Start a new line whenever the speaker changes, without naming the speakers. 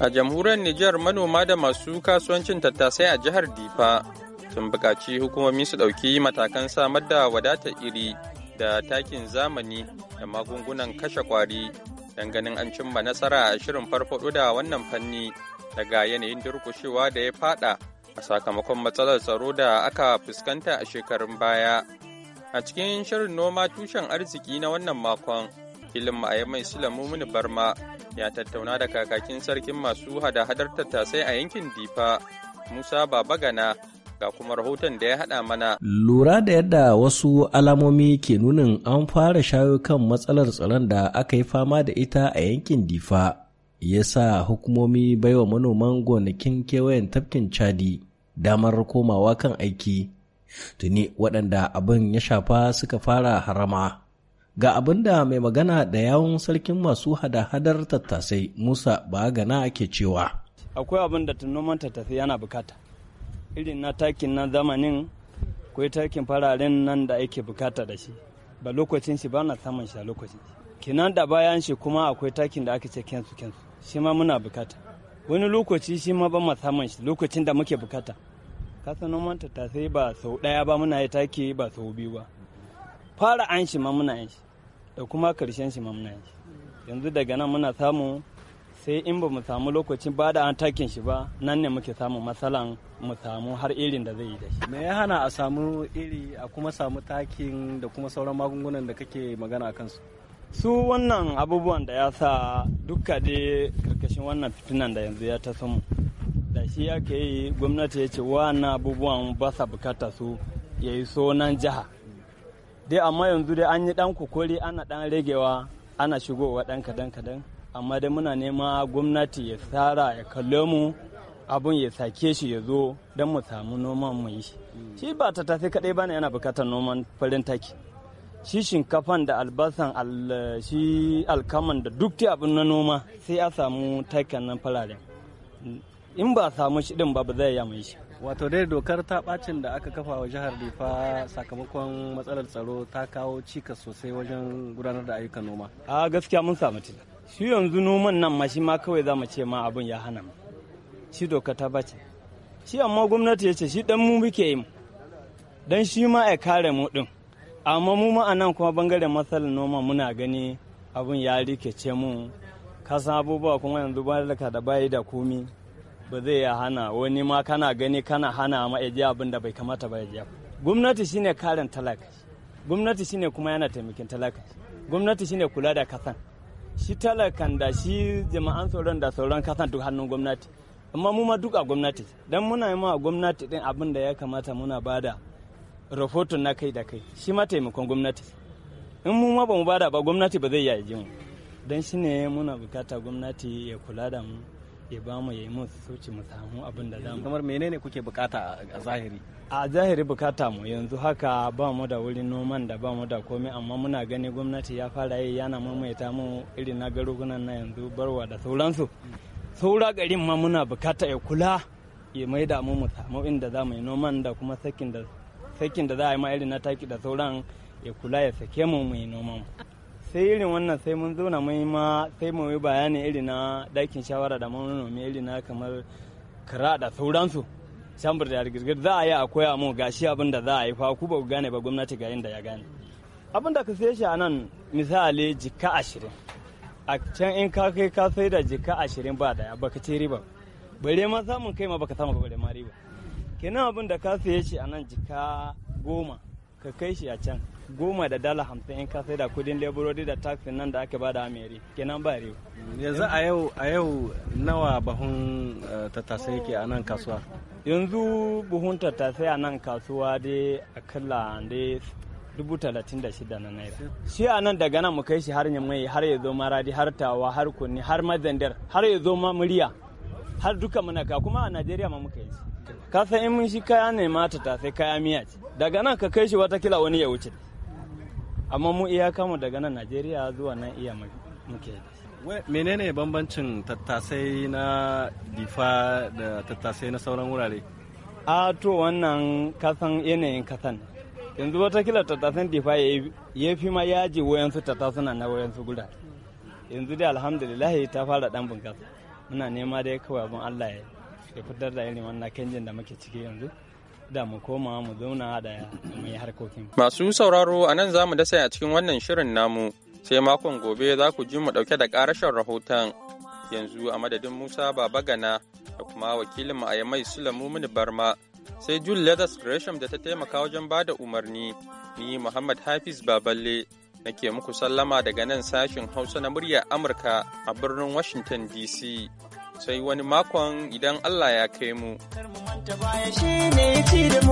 A jamhuriyar Nijar manoma da masu kasuwancin tattasai a jihar Difa sun buƙaci hukumomi su ɗauki matakan samar da wadatar iri da takin zamani da magungunan kashe ƙwari ganin an cimma nasara a shirin farfaɗo da wannan fanni daga yanayin durƙushewa da ya faɗa a sakamakon matsalar tsaro da aka fuskanta a shekarun baya. A cikin shirin noma tushen arziki na wannan makon, filin ma'ayyar mai mini Barma ya tattauna da kakakin sarkin masu hada-hadar tattasai a yankin Difa, Musa Babagana, ga kuma rahoton da ya haɗa mana.
Lura da yadda wasu alamomi ke nunin an fara shayo kan matsalar tsaron da aka yi fama da ita a yankin Difa, ya sa hukumomi baiwa manoman gonakin kewayen tafkin Chadi damar komawa kan aiki. Tuni waɗanda abin ya shafa suka fara harama. Ga abin da mai magana da yawon sarkin masu hada-hadar tattasai Musa Bagana ke cewa.
Akwai abin da noman tattasai yana bukata. Irin na takin na zamanin akwai takin fararen nan da ake bukata da shi. Ba lokacin shi ba na samun shi a lokacin shi. Kinan da bayan shi kuma akwai takin da aka ce kensu kensu. Shi ma muna bukata. Wani lokaci shi ma ba mu samun shi lokacin da muke bukata. Kasa noman tattasai ba sau ɗaya ba muna yi taki ba sau biyu ba. Fara an shi ma muna yin shi. da kuma karshen shi mamna yanzu daga nan muna samu sai in ba mu samu lokacin ba da an takin shi ba nan ne muke samu matsalan mu samu har irin da zai yi da shi me ya hana a samu iri a kuma samu takin da kuma sauran magungunan da kake magana a kansu su wannan abubuwan da ya sa dukka dai karkashin wannan fitinan da yanzu ya ta samu da shi ake yi gwamnati ya ce wannan abubuwan ba sa bukata su ya yi so nan jiha dai amma yanzu dai an yi dan kokori ana dan ragewa ana shigowa dan kadan kadan amma dai muna nema gwamnati ya tsara ya kalle mu abun ya sake shi ya zo don mu samu noman mu yi shi ba ta tafi kadai yana bukatar noman farin taki shi shinkafan da albasan shi alkaman da duk abin na noma sai a samu takin nan fararen in ba samu shi din ba ba zai yi shi
wato dai dokar ta bacin da aka kafa wa jihar difa sakamakon
matsalar tsaro ta kawo cikas sosai
wajen gudanar da ayyukan noma
a gaskiya mun samu ci. shi yanzu noman nan ma shi ma kawai za mu ce ma abin ya hana mu shi dokar ta bace shi amma gwamnati ya ce shi dan mu muke yi dan shi ma ya kare mu din amma mu ma anan kuma bangaren matsalar noma muna gani abin ya rikice mu kasan abubuwa kuma yanzu ba da bayi da komi ba zai ya hana wani ma kana gani kana hana ma ya je abin da bai kamata ba ya je gwamnati shine karin talaka gwamnati shine kuma yana taimakin talaka gwamnati shine kula da kasan shi talakan da shi jama'an tsoron da sauran kasan duk hannun gwamnati amma mu ma duk a gwamnati dan muna yi ma gwamnati din abin da ya kamata muna bada rahoton na kai da kai shi ma taimakon gwamnati in mu ma ba mu bada ba gwamnati ba zai ji mu dan shine muna bukata gwamnati ya kula da mu ya ba mu yi mun soci mu samu abin da mu kamar menene kuke bukata a zahiri a zahiri bukata mu yanzu haka ba mu da wurin noman da ba mu da komai amma muna gani gwamnati ya fara yi yana mamaita mu irin na garugunan na yanzu barwa da sauransu saura garin ma muna bukata ya kula ya mai da mu mu samu inda za mu yi noman da kuma sakin da sakin da za a yi ma irin na taki da sauran ya kula ya sake mu mu yi noman sai irin wannan sai mun zauna mai ma sai mu yi bayani irin na dakin shawara da manomi irin na kamar kara da sauransu shambar da girgir za a yi a koya mu gashi abin da za a yi fa ku ba ku gane ba gwamnati ga yin da ya gane abin da ka sai shi a nan misali jika ashirin a can in ka kai ka sai da jika ashirin ba daya baka ci riba bare ma samun kai ma baka samu bare ma riba kenan abin da ka sai shi a nan jika goma ka kai shi a can goma da dala hamsin in ka sai da kudin leburodi da taxi nan da aka bada ameri kenan ba riba yanzu a yau a yau nawa bahun eh, tattasai yake a nan kasuwa yanzu buhun tattasai a nan kasuwa dai akalla da dubu talatin da shida na naira shi a nan daga nan mu kai shi har mai har ya zo maradi har tawa har kunni har mazandar har ya zo ma murya har duka muna ka kuma a najeriya ma muka yi shi ka san in mun shi kaya ne ma ta sai kaya miya ce daga nan ka kai shi watakila wani ya wuce amma mu iyaka mu daga nan najeriya zuwa nan iya muke menene bambancin tattasai na difa da tattasai na sauran wurare a to wannan kasan yanayin kasan yanzu watakila tattasan difa ya fi ma yaji wayansu tattasuna na wayansu guda yanzu dai alhamdulillah ta fara dan bunkasa muna nema da ya kawai abin allah ya fitar da irin wannan kenjin da muke ciki yanzu da mu koma mu zauna da mai harkokin.
Masu sauraro a nan za mu dasa a cikin wannan shirin namu sai makon gobe za ku ji mu ɗauke da ƙarashin rahoton yanzu a madadin Musa baba gana da kuma wakilinmu a Yamai Sulamu Mini Barma sai Jul Leathers Gresham da ta taimaka wajen ba da umarni ni Muhammad Hafiz Baballe nake muku sallama daga nan sashin Hausa na muryar Amurka a birnin Washington DC sai wani makon idan Allah ya kai mu.
ta baya shine ci da